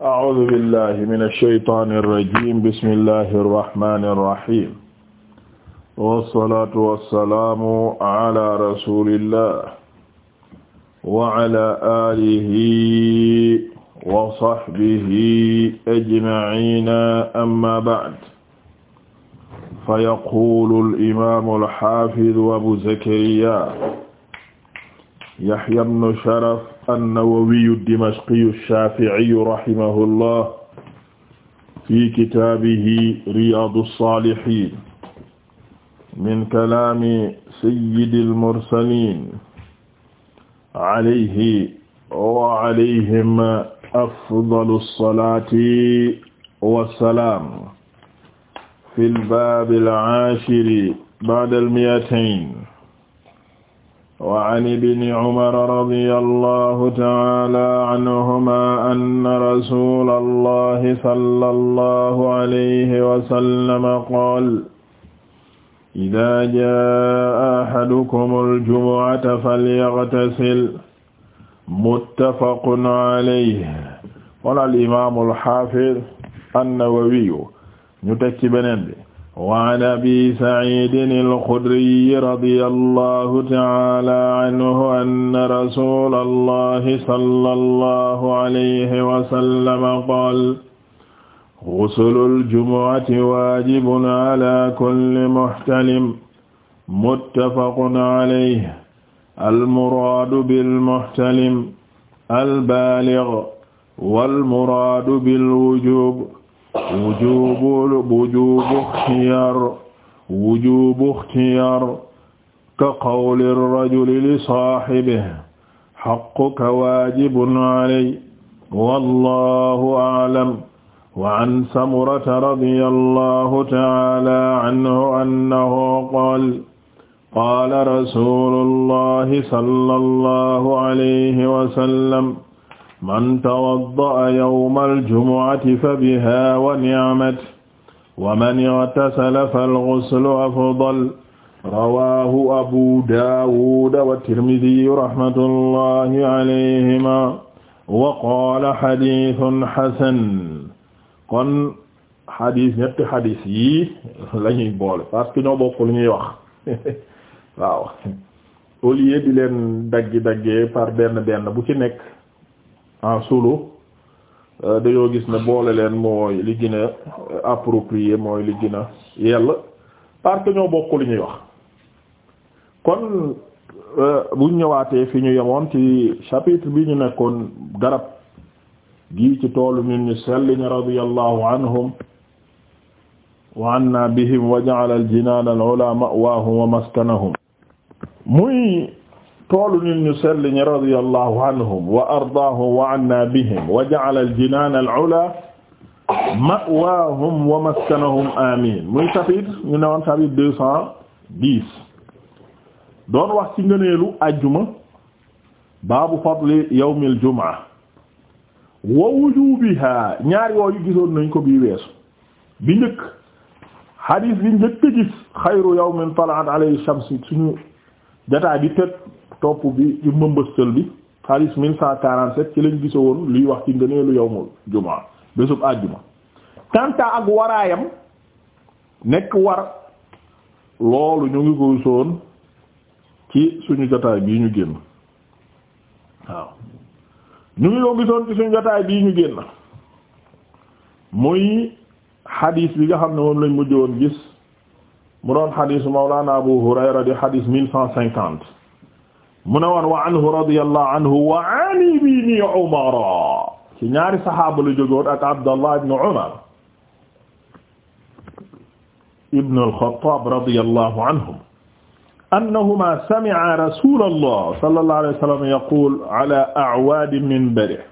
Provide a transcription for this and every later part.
أعوذ بالله من الشيطان الرجيم بسم الله الرحمن الرحيم والصلاة والسلام على رسول الله وعلى آله وصحبه أجمعين أما بعد فيقول الإمام الحافظ أبو زكريا يحيى بن شرف an-Nawawiyu ad-Dimashqiyu ash-Shafi'iyu rahimahullah fi kitaabihi Riyaadu as-Saalihiin min kalaami sayyidil mursaliin alayhi wa alayhim afdalu as-salaati was-salaam fil baabil aashiri ba'dal mi'atayn wa an ibni umara radiyallahu ta'ala anhuma anna rasulallahi sallallahu alayhi wa sallam qaala idaa jaa'a ahadukumul jumu'ata falyaghtasil muttafaqun alayhi qaala al imaamul haafiz an-Nawawi ñu teg ci beneen wa an abi saciidin alxudriy radiya allahu taala anhu anna rasula allahi salla allahu alayhi wasallama qaal guslu aljumucati waajibun ala kulli muxtalim muttafaqun alayhi almuraadu bilmuxtalim albaalig walmuraadu bilwujuub wujubu wujubu ikhtiyar wujubu ikhtiyar ka qawli rajuli li saahibihi haqquka waajibun alayhi wallaahu a'lam wa an samurata radiyallahu ta'ala anhu annahu qaala qaala rasuulullahi sallallahu alayhi wa sallam man tawadda'a yawmal jumu'ati fa bihaa wa ni'mat wa man i'tasala fal ghuslu afdal rawaahu abu daawuda wa tirmidi rahmatullahi alayhima wa qaala xadiisun xasan kon xadiis ñetti xadiis yii la ñuy boole parce que ñoo bokk lu ñuy wax waaw au lieu di leen daggi daggee par benn benn bu ci nekk. en solo euh, dañoo gis na boole leen mooy li gën euh, approprié mooy liggina gën a yell parce ñoo bokk ñuy wax kon euh, buñ ñëwaatee fi ñu yemoon ci chapitre bi ñu nekkoon garab gi ci toolu nit ñu sell ñi radiyallahu anhum wa anna bihim wa ja'ala al-jinana al-ula ma'wahum wa maskanahum muy toolu nit ñu sell ñi radiyallahu anhum wa ardaahum wa anna bihim wa ja'ala al-jinaan al-'ulaa ma'waahum wa maskanahum amiin muy chapitre ñu ne woon chapitre deux cent dix doon wax ci ngëneelu ajjuma baabu fadli yawmil jumaa wa wujuubihaa ñaar yooyu gisoon nañ ko bii weesu bi njëkk xadiis bi njëkk gis xayru yawmin tala'at alayhi shams suñu jataay bi tët topp bi ci mbëmbëstal bi xaalis mille cent quarante-sept ci lañ gisa woon luy wax ci ngëneelu yawmul jumaa bésub àjjuma kanta ak waraayam nekk war loolu ñu ngi ko soon ci suñu jotaay bii ñu génn waaw ñu ngi ko gisoon ci suñu jotaay bii ñu génn muy xadiis bi nga xam ne woon lañ mujj woon gis mu doon xadis mawlana abu hurayra di xadis mille cent cinquante mu ne woon wa anhu radiyallahu anhu wa ani bi ni umara ci ñaari saxaaba la jógoon ak abdallah ibn umar ibn al-Khattab radiyallahu anhum annahuma sami'a rasulallah sallallahu alayhi wa sallam yaqul ala a'waadi minbarihi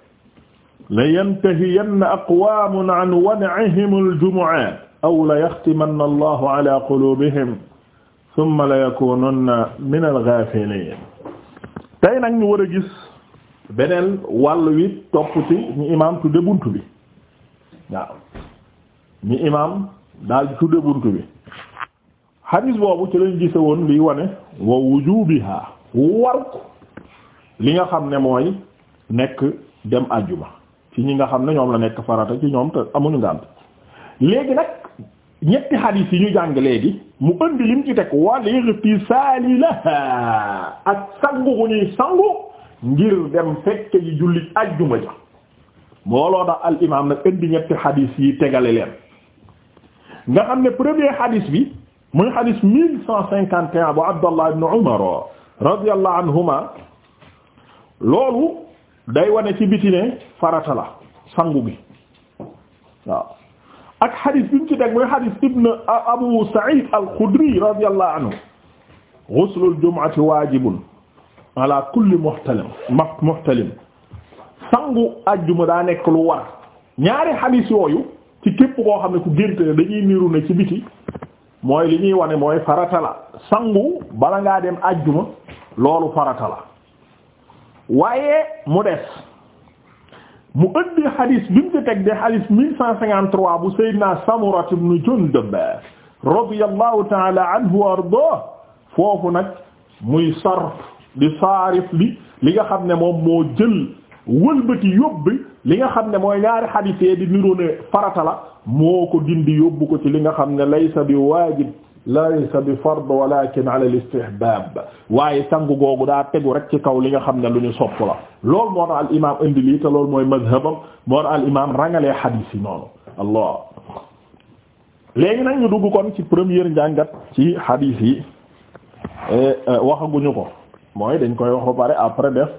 layantahiyanna aqwaamun an wad'ihim al-jumu'aat aw la yaxtimanna allahu ala qulubihim thumma la tey nag ñu war a gis beneen wàll wi topp ci ñi imaam tudde bunt bi waaw ñi imaam daal tudde bunt bi hadis boobu ci lañ gise woon liy wane wa wujubiha war li nga xam ne mooy nekk dem àjjuma ci ñi nga xam ne ñoom la nekk farata ci ñoom te amuñu ngànt léegi nag ñetti xadiis yi ñu jàng léegi mu ëndi lim ci teg walirtisaali laha ak sangu gu ñuy sangu ngir dem fekk ji julli ajjuma ja booloo tax al imaam nag ëndi ñetti xadiis yi tegale leen nga xam ne premier xadiis bi muy xadiis mille cent cinquante et un bu Abdallah ibn Umar radiyallahu anhuma loolu day wane ci biti ne farata la sangu gi waaw ak xadis bi mu ci teg mooy xadis ibn Abu Sa'id al-Khudri radiyallahu anhu ghuslul jumu'ati waajibun ala kulli muhtalim sangu ajjuma daa nekk lu war ñaari xadis yooyu ci képp koo xam ne ku génte ne dañuy niru ne ci biti mooy li ñuy wane mooy faratala sangu bala ngaa dem ajjuma loolu farata la waaye mu des mu indi xadis bi mu ci teg de xadis 1153 bu Seydina Samura ibn Jundub radiyallahu ta'ala anhu wa ardaah foofu nag muy sarf di saarif li li nga xam ne moom moo jël wëlbati yóbbi li nga xam ne mooy ñaari xadisee di niroo ne la moo ko dindi yóbbu ko li nga xam ne laysa bi waajib laysa bi fard walakin ala al istihbab waaye sangu googu daa tegu rek ci kaw li nga xam ne lu ñu sopp loolu moo tax al imaam indi lii te loolu mooy mazhabam moo tax al rangalee xadiis yi noonu allah léegi nag ñu dugg kon ci première njàngat ci xadiis yi eh, eh, waxaguñu ko mooy dañ koy wax ba pare après def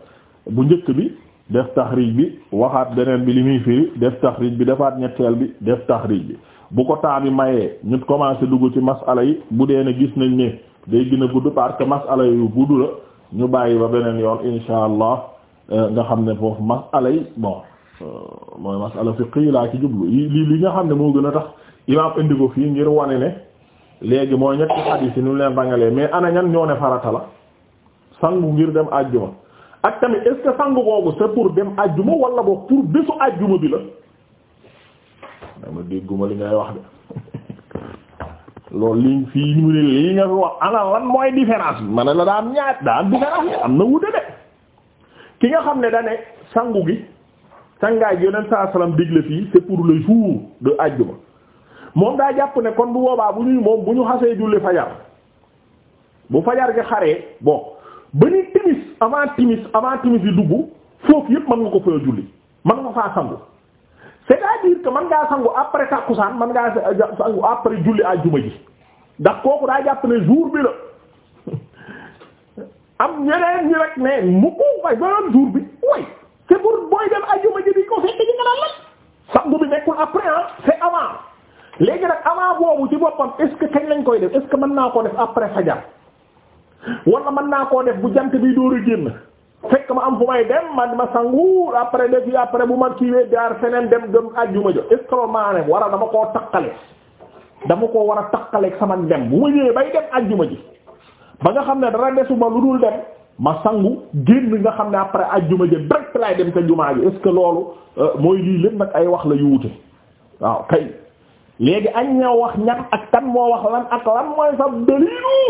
bu njëkk bi def taxriij bi waxaat beneen bi li muy firi def taxriij bi defaat ñetteel bi def taxriij bi bu ko temps bi mayee ñu commencé dugg ci masala yi bu dee na gis nañ ne day gën a gudd parce masala yu gudd la ñu bàyyi ba beneen yoon insha allah nga xam ne foofu masala yi bon euh, mooy masala fiqhi laa ci jublu li li nga xam ne moo gën a tax imaam indi ko fii ngir wane ne léegi mooy ñetti xadiis yi ñu leen rangalee mais ana ñan ñoo ne farata la sangu ngir dem àjjuma ak tamit est sangu boobu c'est pour dem àjjuma wala boog pour bésu àjjuma bi la dama dégguma li ngay wax de loolu li fii ñu lii nga fi wax ana lan mooy différence bi ma ne la daa am ñaar daa am différence am na wute de ki nga xam ne da ne sangu gi sangaay gi yonent saa salaam digle fii c'est pour le jour de àjjuma moom daa jàpp ne kon bu boobaa bu ñuy moom bu ñu xasee julli fajar bu fajar gi xaree bo ba ni timis avant timis avant timis yi dugg foofu yëpp mën nga ko faa julli man nga faa sangu c'est-à-dire que mën ngaa sangu après tàkkusaan mën ngaa sangu après julli àjjuma ji ndax kooku daa jàpp ne jour bi la. am ñeneen ñi rek ne mu ko way beneen jour bi way c'est pour booy dem ajuma ji bi ko fekk ji nga naan lan samedi bi nekkul après avant léegi nag avant boobu ci boppam est que kañ lañ koy def que mën naa koo def après fajar wala mën naa koo def bu jant bi dóor a génn fekk ma am fu may dem ma ma sangu après def yi après bu ma kiiwee jaar feneen dem dem ajuma jo est-ce que dama koo takkale dama koo war a takkaleeg sama dem bu ma ñëwee bay dem ajuma ji ba nga xam ne dara desuma lu dul dem ma sangu génn nga xam ne après ajjuma jë direct laay dem ca jumaa ji est loolu euh, mooy lii lépp nag ay wax la yu wute waaw kay léegi añ ñoo wax ñan ak kan moo wax lan ak lan mooy sa dalilu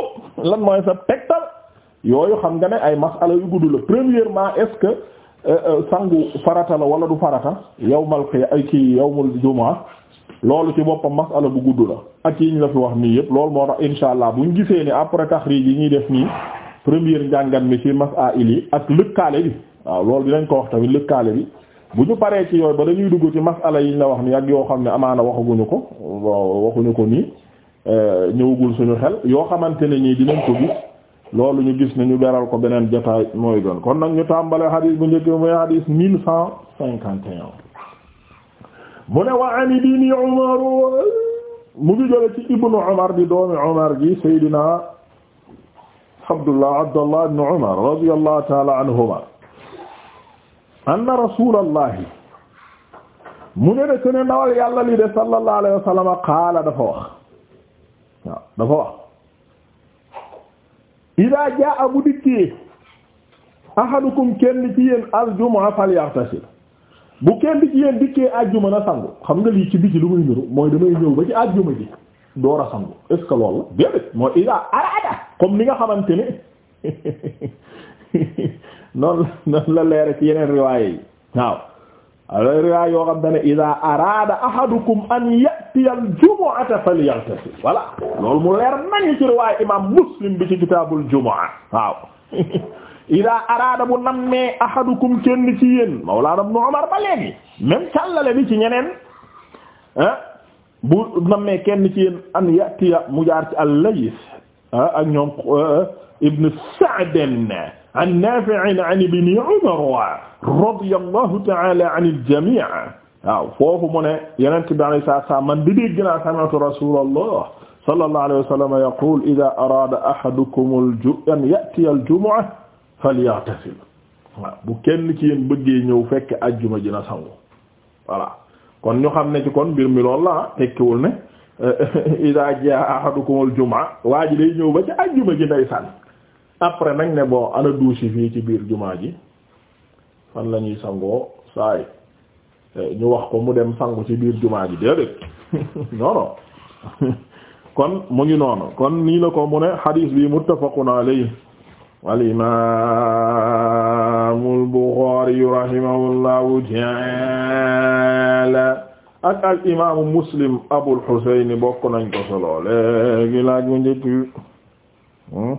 lan mooy sa tegtal yooyu xam nga ne ay masala yu gudd la premièrement est-ce que euh, euh, sangu farata la wala du farata yawmal qiyaam ay kii yawmul jumaa loolu ci boppam masala bu gudd la ak yi ñu la fi wax nii yëpp loolu moo tax insha allah ñu gisee ni après taxrij yi ñuy def nii première njàngat mi ci masaa'il yi ak lëkkaale bi waaw loolu dinañ ko wax tamit lëkkaale bi bu ñu paree ci yooyu ba dañuy dugg ci masala yi ñu la wax nii ak yoo xam ne amaana waxaguñu ko waxuñu ko nii euh, ñëwagul suñu xel yoo xamante ne nii dinañ ko gis loolu ñu gis ne ñu beral ko beneen jotaay mooy doon kon nag ñu tàmbale hadis bu njëkk mooy hadis mille cent cinquante mu ne wa ani ibni Umar mu ngi jële ci ibnu Umar di doomi Umar ji Seydina Abdullah Abdullah ibn Umar radiyallahu ta'ala anhuma anna rasulallahi mu ne de ne ndawal yàlla li de sallallahu alayhi wa sallam qaala dafa wax waaw dafa wax idaa jaa bu dikkee ahadukum kenn ci yéen al jumu'a falyaghtasil bu kenn ci yéen dikkee àjjuma na sangu xam nga lii ci biti lu muy niru mooy damay ñëw ba ci àjjuma ji door a sangu est-ce que loolu la déedéet mooy ila araada comme ni nga xamante ne noonu noonu la leere ci yeneen riwaaye yi waaw ala riwaay yoo xam ne ida araada ahadukum an yatiya aljumuata falyaghtasil voilà loolu mu leer nañu ci riwaay imam muslim bi ci kitaabul jumaa waaw ida araada bu nammee ahadukum kenn ci yéen mawlaana ibn Umar ba léegi même càllale bi ci ñeneen ah bu nammee kenn ci yéen an yatiya mu jaar ci al-Layth ah, ak ñoom ah, ibn Sa'd an Nafi' an ibn Umar radiyallahu ta'ala anil jami' waaw foofu mu ne yonent bi alayhi salaatu wa salaam man di dégg naa sami'tu rasulallah sallallahu alayhi wa sallam yaqul ida araada ahadukum an yatiya al-jumu'ah falyaghtasil waaw bu kenn ci yéen bëggee ñëw fekk ajjuma ji na sangu voilà kon ñu xam ne ci kon mbir mi loolu la tekkiwul ne idaa jaa ahadukumul jumaa waa ji day ñëw ba ci ajjuma ji nday sànn après nag ne bon ana fii ci biir jumaa ji fan la sangoo saay eh, ñu wax ko mu dem sangu ci biir jumaa ji déedéet non kon mu ngi noonu kon nii la ko mu ne xadiis bi muttafaqun alayhi alimaamul Buxaari rahimahullahu ta'aala ak al imaamu Muslim Abul Husayn bokk nañ ko solo léegi laaj mu njëkk hmm?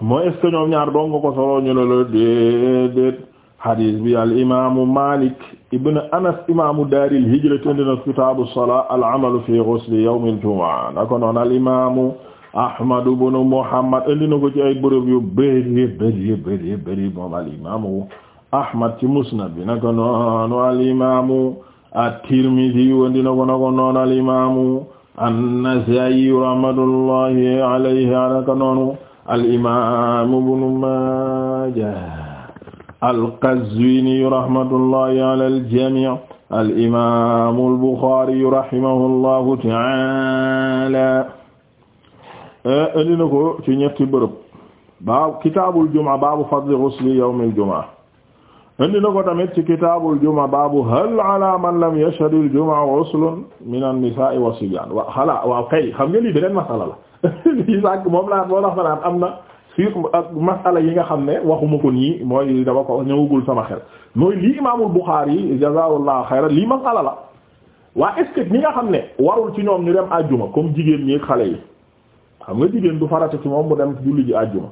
mooy est-ce que ñoom ñaar doon nga ñu ne la déedéet hadis bi al imaamu Maalik ibn Anas imaamu daaril hijra tënd na kitaabu salaa al amalu fi ghusli yawmil jumu'a naka al imaamu Ahmad ibn Muhammad indi na ko ci ay bërëb yu bëri bëri bëri bëri moom al imaamu Ahmad ci musnad bi naka noonu al imaamu at-Tirmidhi indi na ko naka noonu al imaamu an-Nasaa'i rahmatullahi alayhi naka noonu al imaamu ibn Maajah al-Qazwini rahmatullahi ala al-jamii' al imaamu al-Bukhaari rahimahullahu ta'ala Eh, indi na ko ci ñetti bërëb baabu kitaabul juma baabu fadli ghusli yawmil juma indi na ko tamit ci kitaabul juma baabu hal man lam yashhadil juma ghuslun wa wa xala waaw kay xam nga lii beneen masala la lii sànq moom laa boo tax ma am na si ak masala yi nga xam ne waxuma ko nii mooy dama ko ñëwagul sama xel mooy lii imaamul Buxaari jazaahullahu xayran lii masala la waa est-ce que ñi nga xam ne warul ci ñoom ñu dem àjjuma comme jigéen ñi ak xale yi. xam nga jigéen du farata ci moom mu dem julli ji àjjuma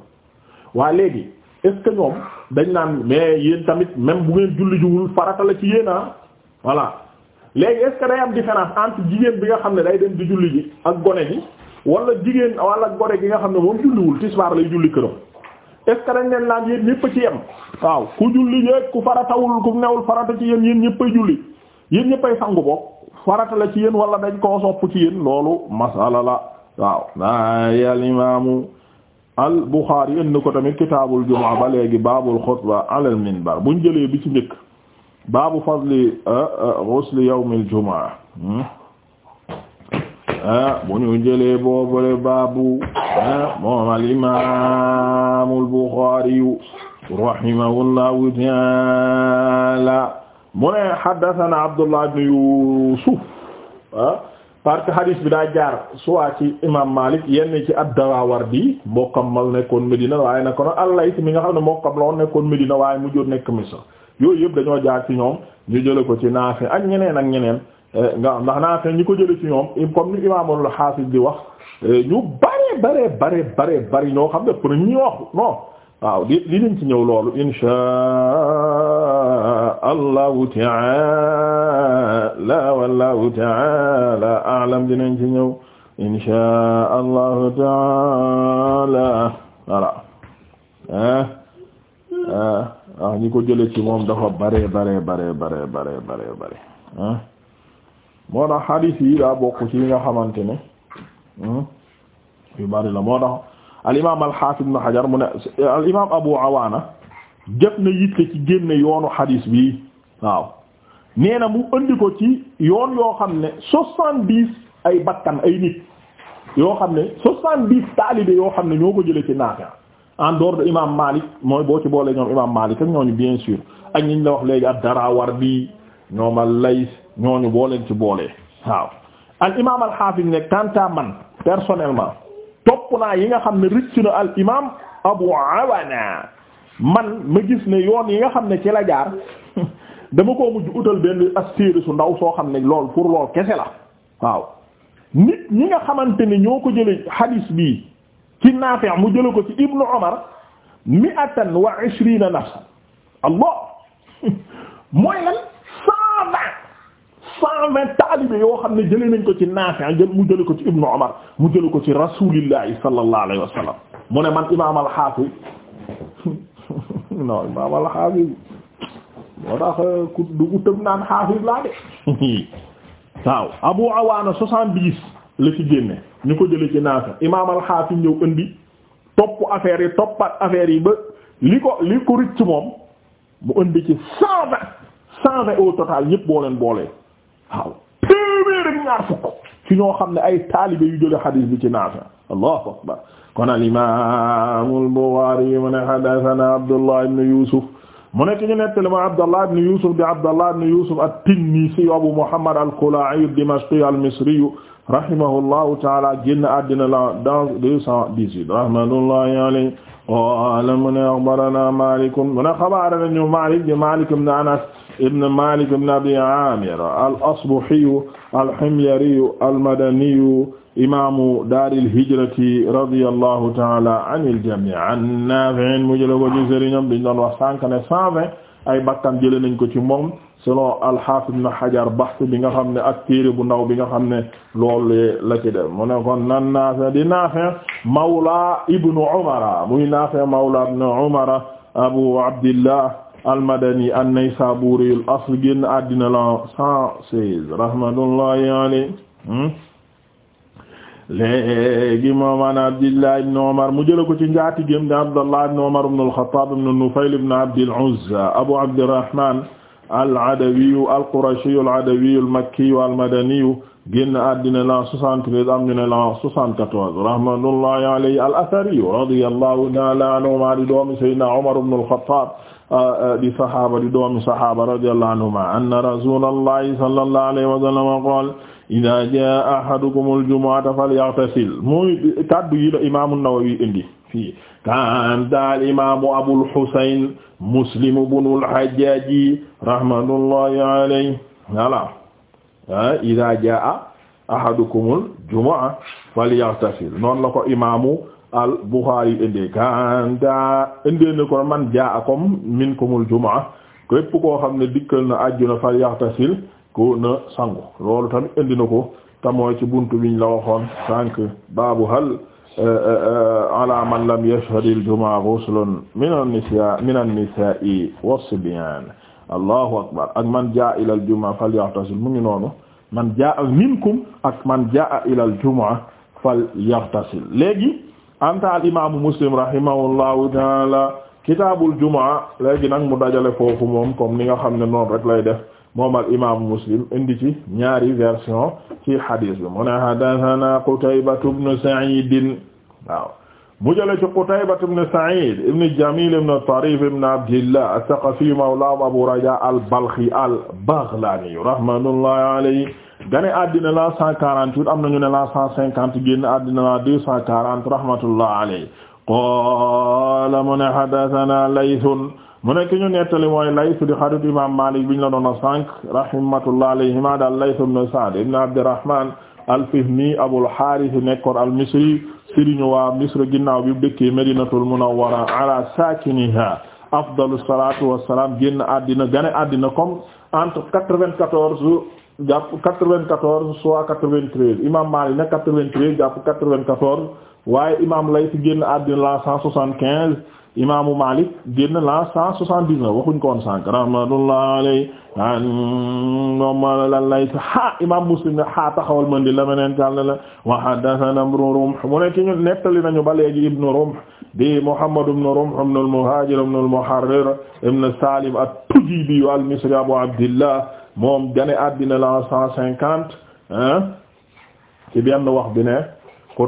waa léegi est ñoom dañ naan mais yéen tamit même bu ngeen julli jiwul farata la ci yéen a ah? voilà léegi est-ce que day am différence entre jigéen bi nga xam ne day dem di julli ji ak gone gi wala jigéen wala gone gi nga xam ne moom julliwul tisbaar lay julli këram est dañ leen naan yéen ñëpp ci yem waaw ku julli yeeg ku faratawul ku newul farata ci yéen yéen ñëppay julli yéen ñëppay sangu bopp farata la ci yéen wala dañ koo sopp ci yéen loolu masala la waaw naay al imaamu al Buxaari indi ko tamit kitaabul jumaa ba léegi baabul xutba alal minbar buñ jëlee bi ci njëkk baabu fadli ah, ah, ghusli yawmil jumaa hmm? ah, bu ñu jëlee boobule baabu moom al imaamul Buxaari rahimahullahu ta'aala mu ne haddasanaa Abdullah ibn Yuusuf parce que bi daa jaar soit ci imam Malik yenn ci ad-Darawardi mbokkam mal nekkoon Medina waaye nekkoon al-Layth mi nga xam ne mbokkam la woon nekkoon Medina waaye mujjoon nekk Misr yooyu yëpp dañoo jaar ci ñoom ñu jële ko ci Naafi ak ñeneen ak ñeneen eh, nga ndax Naafi ñi ko jële ci ñoom comme ni imaamul Hafiz di wax eh, ñu bare bare bare bare bare ñoo xam ne pour ñu wax non waaw di dinañ ci ñëw loolu inshaa allahu taala wallahu taala alam dinañ ci ñëw inshaa allahu taala voilà ah ah ah ñi ko jële ci moom dafa bare bare bare bare bare bare eh, moo tax hadith yi daa bokk ci yi nga hmm, bari la moo tax al imaam al xaafid ibn Hajar mu ne al imaam Abu Awaana jot na yitte ci génne yoonu hadis bi waaw nee mu andi ko ci yoon yoo xam ne soixante-dix ay bakkan ay nit yoo xam ne soixante-dix taalibe yoo xam ne ñoo ko jëlee ci Naafi' en dehors de imaam Maalik mooy boo ci boolee ñoom imaam Maalik ak ñooñu bien sûr ak ñi ñu la wax léegi ad-Darawardi ñoom al-Layth ñooñu boo leen ci boolee waaw al imaam al xaafid ne quant man personnellement. topp naa yi nga xam ne rëcc na al imaam Abu Awana man ma gis ne yoon yi nga xam ne ci la jaar dama koo mujj utal benn astéeri su ndaw soo xam ne lool pour lool kese la waaw nit ñi nga xamante ne ñoo ko jële hadis bii ci Naafi' mu jële ko ci Ibnu Umar mi'atan wa ishrina nafsa allah mooy lan cent cent vingt taalibe yoo xam ne jëlee nañ ko ci Naafi' jël mu jële ko ci Ibnu Umar mu jële ko ci rasulillahi sallallahu alayhi mu ne man imaam al-Hafiz imaam al moo tax ku dugu tëb naan Hafiz laa de waaw Abu Awaana soixante-dix la ci génne ñu ko jële ci Naafi' imaam al ñëw indi topp affaire yi toppat affaire yi ba li ko li ko rëcc moom mu indi ci cent vingt cent vingt au total yëpp boo leen boolee waaw téeméer ak ñaar fukk ci ñoo xam ne ay taalibe yu jële xadiis bi ci Naafi allahu akbar kon al imam al Bukhari mu ne hadathana Abdullah ibn Yusuf mu nekk ñu nettali ma Abdallah ibn Yusuf di Abdallah ibn Yusuf at-Tinnisi Abu Muhammad al-Kala'i ad-Dimashqi al-Misri rahimahullahu ta'ala génn àddina la dans deux cent dix-huit rahmatullahi alayhi qala mu ne akhbarana Malik mu ne xabarana ñu Malik di Malik ibn Anas ibn Malik ibn Abi Amir al-Asbahiyu al-Himyariyu al-Madaniyu imaamu daaril hijrati radiyallahu ta'ala anil jamii' an Naafi' mu jëlee ko ci sëriñam dañu doon wax sànq ne 120 ay bakkan jëlee nañ ko ci moom selon al-Hafiz Ibn Hajar bahth bi nga xam ne ak téere bu ndaw bi nga xam ne loolu la ci def mu ne kon nan Naafi' di Naafi' mawla Ibn Umar muy Naafi' mawla Ibn Umar Abu Abdillah almadani an-Naysaburi al-asl génn àddina la 116 rahmatullahi alayhi hmm? léegi moom an Abdillah ibn Umar mu jëla ko ci njaatigéem di Abdallah ibn Umar ibn al-Khattab ibn Nufayl ibn Abd al-Uzza Abu Abdirrahman al-Adawiyu al-Qurashiyu al-Adawiyu al-Makkiyu al-Madaniyu génn àddina la 73 am ñu ne la 74 rahmatullahi alayhi al-Athariyu radiyallahu ta'ala anhu maa di doomi Sayyidina Umar ibn al-Khattab di saxaaba di doomi saxaaba radiyallahu anhuma anna rasulallahi sallallahu alayhi wa sallam qaala idaa jaa ahadukumul jumu'ata falyaghtasil mooy kaddu yi la imaamu Nawawi indi fii kaantaal imaamu Abul Husayn Muslim ibnul Hajjaaj rahmatullahi alayhi voilà ah, idaa jaa ahadukumul jumu'ata falyaghtasil noonu la ko imaamu al Bukhari indi kanta indi na ko man jaakum minkumul jumaa képp koo xam ne dikkal na àjjuna fal yaxtasil ko na sangu loolu tamit indi na ko te ci buntu biñ la waxoon sànq baabu hal eh, eh, ala man lam yashhadil jumaa ghuslun minan nisaa minan nisaa'i was-sibyaan allahu akbar ak man jaa ilal jumaa fal yaxtasil mu ngi noonu man jaa minkum ak man jaa ilal jumaa fal yaxtasil léegi anta al imaamu muslim rahimahullahu taala kitaabul jumaa léegi nag mu dajale foofu moom comme ni nga xam ne noonu rek lay def moom al imaamu muslim indi ci ñaari version ci hadis bi mu ne haddathana Qutaybatu ibn Sa'id waaw mu jëlee ci Qutayba ibn Sa'id ibn Jamil ibn Tarif ibn Abdillah as-Saqafi mawlaahum Abu Raja al-Balkhi al-Baghlani rahmatullahi alayhi gane àddina la 148 am nañu ne la 150 génn àddina la 240 rahmatullahi alayhi qaala mu ne haddathana Laythun mu nekk ñu nettali mooy Layth di xarit imam Malik biñ la doon a sànq rahmatullahi alayhima daal Layth ibn Sa'd ibn Abdirrahman al-Fihmi Abul Harith nekkoon al-Misri sëriñu waa Misr ginnaaw bi dëkkee Madinatul Munawwara ala saakiniha afdalu salaatu wassalaam génn àddina gane àddina comme entre quatre-vingt-quatorze jàpp quatre-vingt-quatorze soit quatre-vingt-treize imaam Maalik nag quatre-vingt-treize jàpp quatre-vingt-quatorze waaye imaam Layth génn àddina la cent soixante-quinze imaamu Maalik génn la cent soixante-dix-neuf waxuñ ko woon sànq rahmatullah alay an moom lan Layth ha imaam Muslim ne ha taxawal mën di la meneen càll la wa haddathana Ibnu Rumh mu ne ki ñu nettali nañu ba léegi Ibnu Rumh di Muhammad ibn Rumh ibn al-Muhajir ibn al-Muharrir ibn Salim at-Tujibi al-Misri Abu Abdillah moom gane àddina la cent cinquante ci benn wax bi ne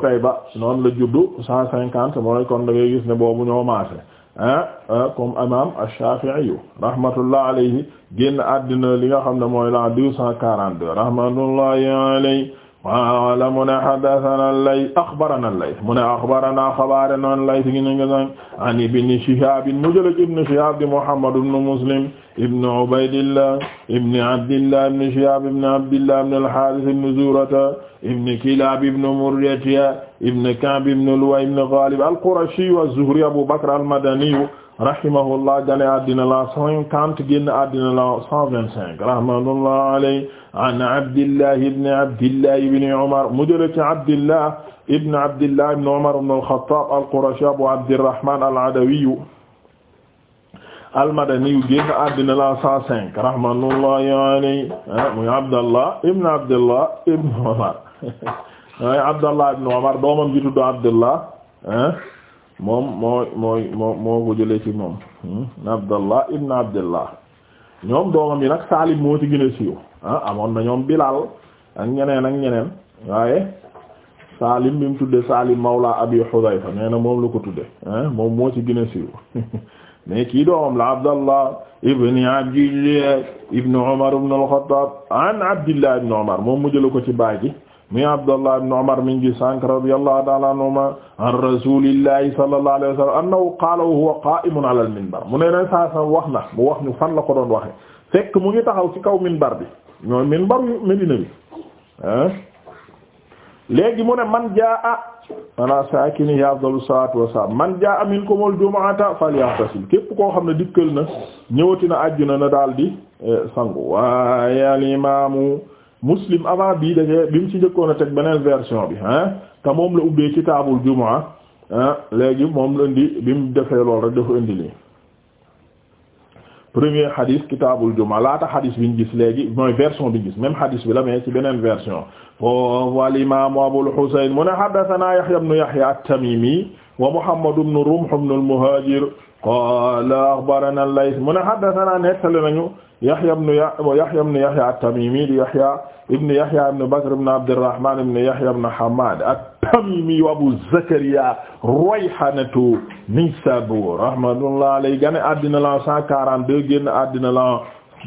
tey ba noonu la juddu cent cinquante mooy kon da ngay gis ne boobu ñoo maase ah comme imam Ash-Shafi'i yu rahmatullah alayhi génn àddina li nga xam ne mooy la deux cent quarante deux rahmatullahi alayhi qaala mu ne haddathana Layth akhbarana Layth mu ne akhbarana xabarana Layth gi ñu ngi naan an Ibn Shihab mu jël ci Ibn Shihab di Muhammad ibn Muslim ibn Ubaydillah ibn Abdillah ibn Shihab ibn Abdillah ibn al-Harith ibn Zurata ibn Kilab ibn Murrata ibn Ka'b ibn Luway ibn Ghalib al-Qurashi wa az-Zuhri Abu Bakr al-Madani rahimahullah gane addina la cinquante génn addina la cent vingt-cinq rahmatullah alayhi an Abdillah ibn Abdillah ibn Umar mu jële ci Abdillah ibn Abdillah ibn Umar ibn al-Khattab al-Qurashi Abu Abdirrahman al-Adawi al-Madani génn addina la cent cinq rahmatullah alayhi ah, muy Abdallah ibn Abdillah ibn Umar muy Abdallah ibn Umar doomam ji tudd Abdillah ah. moom moo mooy moo moo ko jëlee ci moom hmm? abdallah ibn abdillah ñoom doomam yi nag Saalim moo ci gën a siiw ah amoon na ñoom Bilal ak ñeneen ak ñeneen waaye Saalim bi mu tuddee Saalim mawla Abi Hudayfa nee na moom la ko tudde ah moom moo ci gën a siiw mais kii doomam la Abdallah ibn Abdillah ibn Umar ibn Abdillah ibn Umar moom mu jëlee ko ci baay gi muy Abdallah ibn Umar min gi sànq radiyallahu ta'ala anhuma an rasulillahi sallallahu alayhi wa sallam annahu qaala wa huwa qa'imun ala al-minbar mu ne leen saa wax na mu wax ñu fan la ko doon waxe fekk mu ngi taxaw ci kaw minbar bi ñooy minbar Medina bi ah léegi mu ne man jaa ala saakinihi afdalu salaatu wassalaam man jaa minkumul jumu'ata falyaghtasil képp koo xam ne dikkal na ñëwati na àjjuna na daal di eh, sangu waaye al imaamu muslim avant bii de bi mu ci njëkkoon a teg beneen version bi ah te moom la ubbee kitaabul jumaa ah léegi moom la indi bi mu defee lool rek dafa indi lii premier hadith kitaabul jumaa laata hadith bi ñu gis léegi mooy version bi ñu gis même hadith bi la mais ci beneen version foofu al imaamu abul husayn mu ne haddathanaa yahya ibnu yahya at-tamimi wa muhammad ibnu rumh ibnu al-muhaajir qaala axbarana al-Layth mu ne haddathana nettali nañu Yahya ibn Yahya ibn Yahya at-Tamimi di Yahya ibn Yahya ibn Bakr ibn Abdirrahman ibn Yahya ibn Hammad at-Tamimi wa Abu Zakariya Rayhanatu Nisabur rahmatullahi alayhi gane addina la 142 génn addina la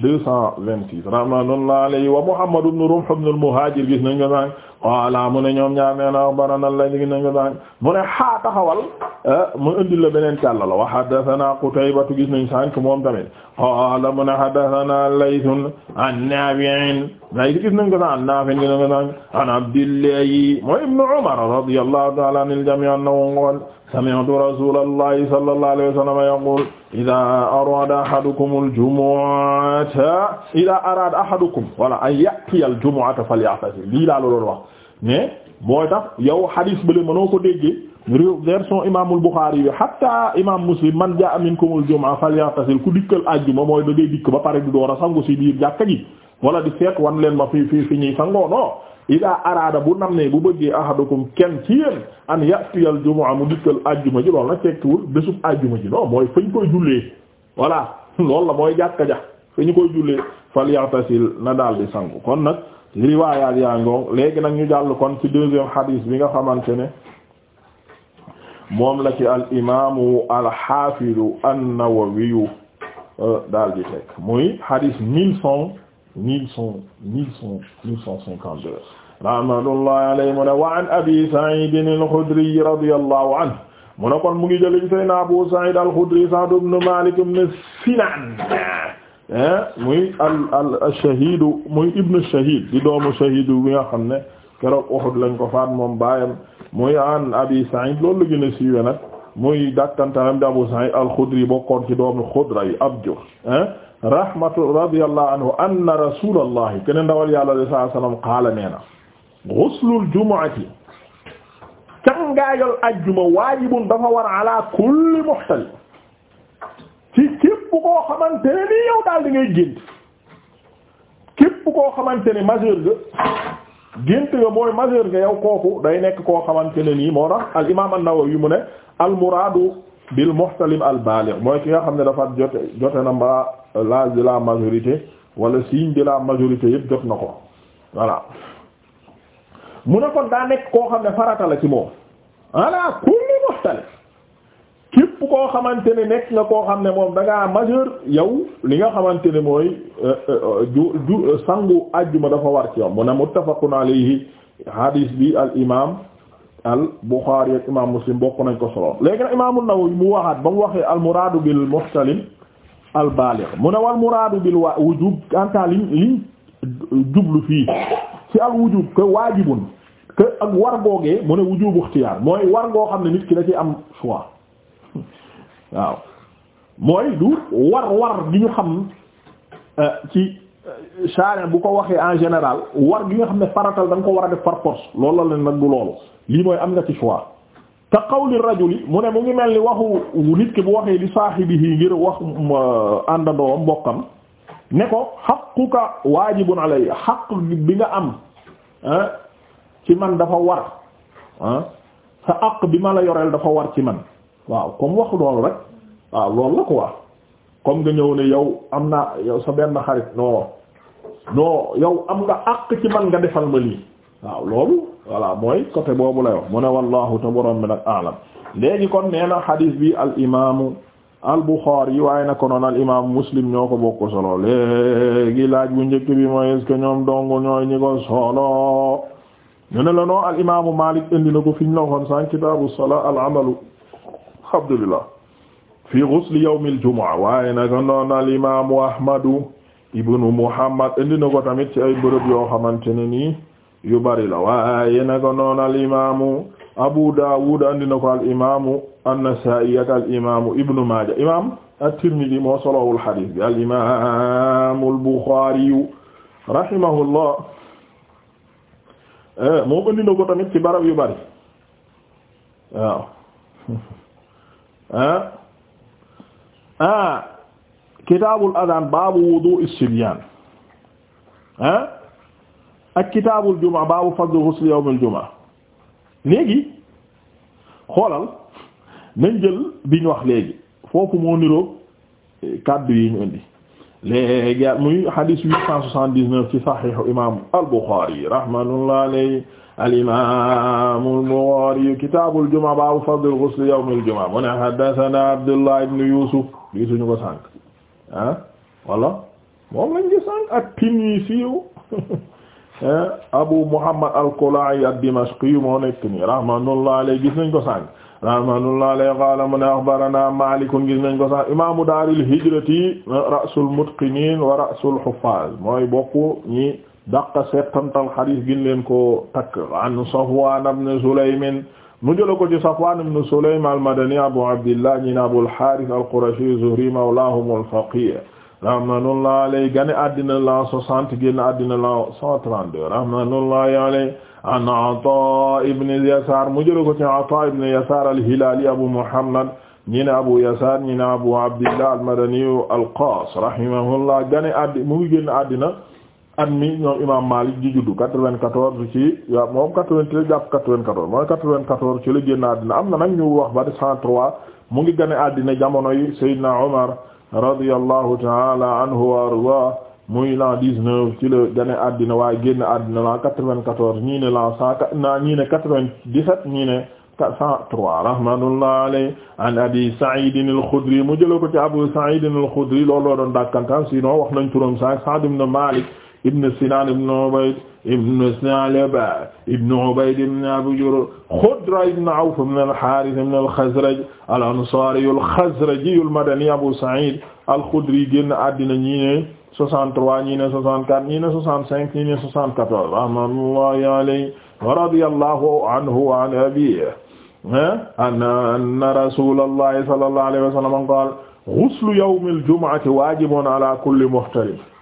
deux cent vingt-six rahmatullahi alayhi wa Muhammad ibn Rumh ibn al-Muhajir gis nañ ko sànq qaala mu ne ñoom ñaar nee na axbaranaa alladhi gis nañ ko sànq mu ne xaa taxawal eh, mu indi la beneen càlla la wa haddathanaa Qutaybatu gis nañ sànq moom tamit qaala mu ne haddathanaa Laythun an Naafi'in nay gis nañ ko sànq Naafi'in gis nañ ko sànq an Abdillahi mooy ibn Umar radiyallahu ta'ala anil jamii' sami'tu rasulallahi sallallahu alayhi wa sallam yaqul idaa arada ahadukum al-jumu'ata idaa arada ahadukum wala an ya'tiya al-jumu'ata falya'tasil lii laa la doon wax mais mooy tax yow hadis bële mënoo ko déggee version imaamul Buxaari yi hatta imaam Muslim man jaa'a minkumul jumu'a falya'tasil ku dikkal àjjuma mooy da ngay dikk ba pare di door a sangu si biir jàkka ji wala di seet wan leen ma fi fi fi ñuy sangoo ida araada bu nam ne bu bëggee ahadukum kenn ci yéen an yatiyal jumaa mu dikkal ajjuma ji loolu nag tekkiwul bésub ajjuma ji non mooy fa koy jullee voilà loolu la mooy jàkka ja fa ñu koy jullee fal yaxtasil na daal di sangu kon nag riwaayaat yaa ngoon léegi nag ñu jàll kon ci deuxième hadith bi nga xamante ne moom la ci al imaamu al xaafidu an-Nawawi euh, daal di muy hadith mille cent mille cent mille cent mille cent cinquante deux rahmatullahi alayhi mu ne wa an abi Sa'id al-Khudri radiyallahu mu ne kon mu ngi jëliñ sayna Abu Sa'id al-Khudri Sa'd ibn Malik ibn Sinan muy al al shahid muy ibnu shahid di doomu shahid bi xam ne keroog Uhud lañ ko faat moom baayam muy an abi Sa'id loolu gën a siiwe nag muy dàkkantaam di Abu Sa'id al-Khudri bokkoon ci doomu Khudra yi Abjar rahmatu radiyallahu anhu anna rasulallahi kenn ndawal yàlla sallallahu alayhi wasallam qaala nee na ghuslul jumu'ati cangaayal ajjuma waajibun dafa war ala kulli muhtalim ci képp koo xamante ne ni yow daal di ngay gént képp koo xamante ne majeur ga gént nga mooy majeur nga yow kooku day nekk koo xamante ne nii moo tax al imam an-Nawawi mu ne al muraadu bil muhtalim al baligh mooy ki nga xam ne dafa jote jote na mbaa l'âge de la majorité wala signe de la majorité yëpp jot na ko voilà mu a kon daa nekk koo xam ne farata la ci moom ala kulli muhtalif képp koo xamante ne nekk nga koo xam ne moom da ngaa yow li nga xamante ne mooy ju euh, euh, ju sangu àjjuma dafa war ci yow mu ne muttafaqun alayhi hadis bi al imam al Buxaari ak imaam Muslim bokk nañ ko solo léegi nag imaam An-Nawawi mu waxaat ba mu waxee al muraadu bil muhtalim al baaligh mu ne wal muraadu bil wa wujub kanta liñ liñ jublu fii ci al wujub que waajibun que ak war googee mu ne wujubu ixtiyaar mooy war goo xam ne nit ki da ci am choix waaw mooy du war war gi ñu xam eh, ci. charin bu ko waxee en général war gi nga xam ne faratal da ko war a def par force loolu la leen nag du loolu lii mooy am nga ci choix te qawli rajuli mu ne mu ngi mel ni waxu nit ki bu waxee li saahibihi ngir wax euh, àndandoom mbokkam ne ko xaquka waajibun alay xaq bi nga am ci man dafa war sa aq bi ma la yoreel dafa war ci man waaw comme waxu loolu rek waaw loolu la quoi comme nga ñëw ne yow am naa yow sa benn xarit non non yow am nga àq ci man nga defal ma lii waaw loolu voilà mooy côté boobu la yow mu ne wallahu te borom bi nag aalam kon nee na xadiis bi al imaamu waaye na ko noon al Muslim ñoo ko bokk solo léegi laaj bu njëkk bi mooy est-ce que ñoom dong ko solo ñu ne la noo al imaamu Maalik na ko fi ñu la waxoon sànq salaa al amalu alhamdulillah fi ghusli yawmil jumu'a waaye na ko noon al Ahmadu ibnu muhammad indi na ko tamit ci ay bërëb yoo xamante ne nii bari la waaye naka noon al abu daawud andi na ko al imaamu ibnu maaja imaam at-tirmidhi moo solowul xadiis bi al imaamu al buxaari rahimahullah eh, moom indi na tamit barab yu bari waaw eh? ah kitaabul adaan baabu wudu issibyaan ah ak kitaabul juma baabu fadl ghusl yawmil juma léegi xoolal nañ jël bi ñu wax léegi foofu moo niroog eh, kàddu yi ñu indi léegi muy hadis 879 ci saxiixu imaamu al-Buxaari rahmatullahi alayhi al-imaamul Buxaari kitaabul juma baabu fadl ghusl yawmil juma mu ne haddasanaa Abdullah ibn Yuusuf lii suñu ko sànq. ah voilà moom lañ gisaan ak Tinnisi Abu Muhammad al-Kala'i ad-Dimashqi moo nekk nii rahmatullahi alayhi gis nañ ko sànq rahmatullahi alayhi qala mu ne akhbarana Malik gis nañ ko sànq imamu daaril hijrati ra'sul mutqinin wa ra'sul huffaz mooy bokku ñi daq settantal hadith gin leen ko takk an Safwan ibn Sulaym mu jëla ko ci Safwan ibn Sulaym al-Madani Abu Abdillah ñi ne Abu al-Harith al-Qurashi Zuhri mawlahum al-faqih rahmatullahi alayhi gane addina la 60 génn addina la 132 rahmatullahi alayhi an Ata ibn Yasar mu jëla ko ci Ata ibn Yasar al-Hilali Abu Muhammad ñi ne Abu Yasar ñi ne Abu Abdillah al-Madani al-Qas rahimahullah gane addina mu génn addina at mi ñoom imam Malik di juddu quatre vingt ci moom ci la génn àddina am na nag ñu wax ba cent trois mu ngi gane àddina jamono yi Seydina Omar radiyallahu ta'ala anhu wa arda muy l'an dix-neuf ci la gane addina waaye génn àddina l'an quatre-vingt-quatorze ñii ne na ne quatre-vingt-dix-sept ñii ne cent trois rahmatullah alayhi an abi Sa'id al-Khudri mu jëla ko ci Abu Sa'id al-Khudri loolu loo doon dàkkantaan wax nañ turam sa Sa'd Malik ibn Sinan ibn Ubayd ibn Sa'laba ibn Ubayd ibn Abi Khudra ibn Awf ibn al-Harith ibn al-Khazraj al-Ansari al-Khazraji al-Madani Abu Sa'id al-Khudri génn àddina ñii ne 63 ñii ne 64 ñii ne 65 ñii ne 74 rahmatullahi alayhi wa radiyallahu anhu wa an abihi anna rasulallahi sallallahu alayhi wa sallam qala ghuslu yawm al-jum'ati wajibun ala kulli muhtalim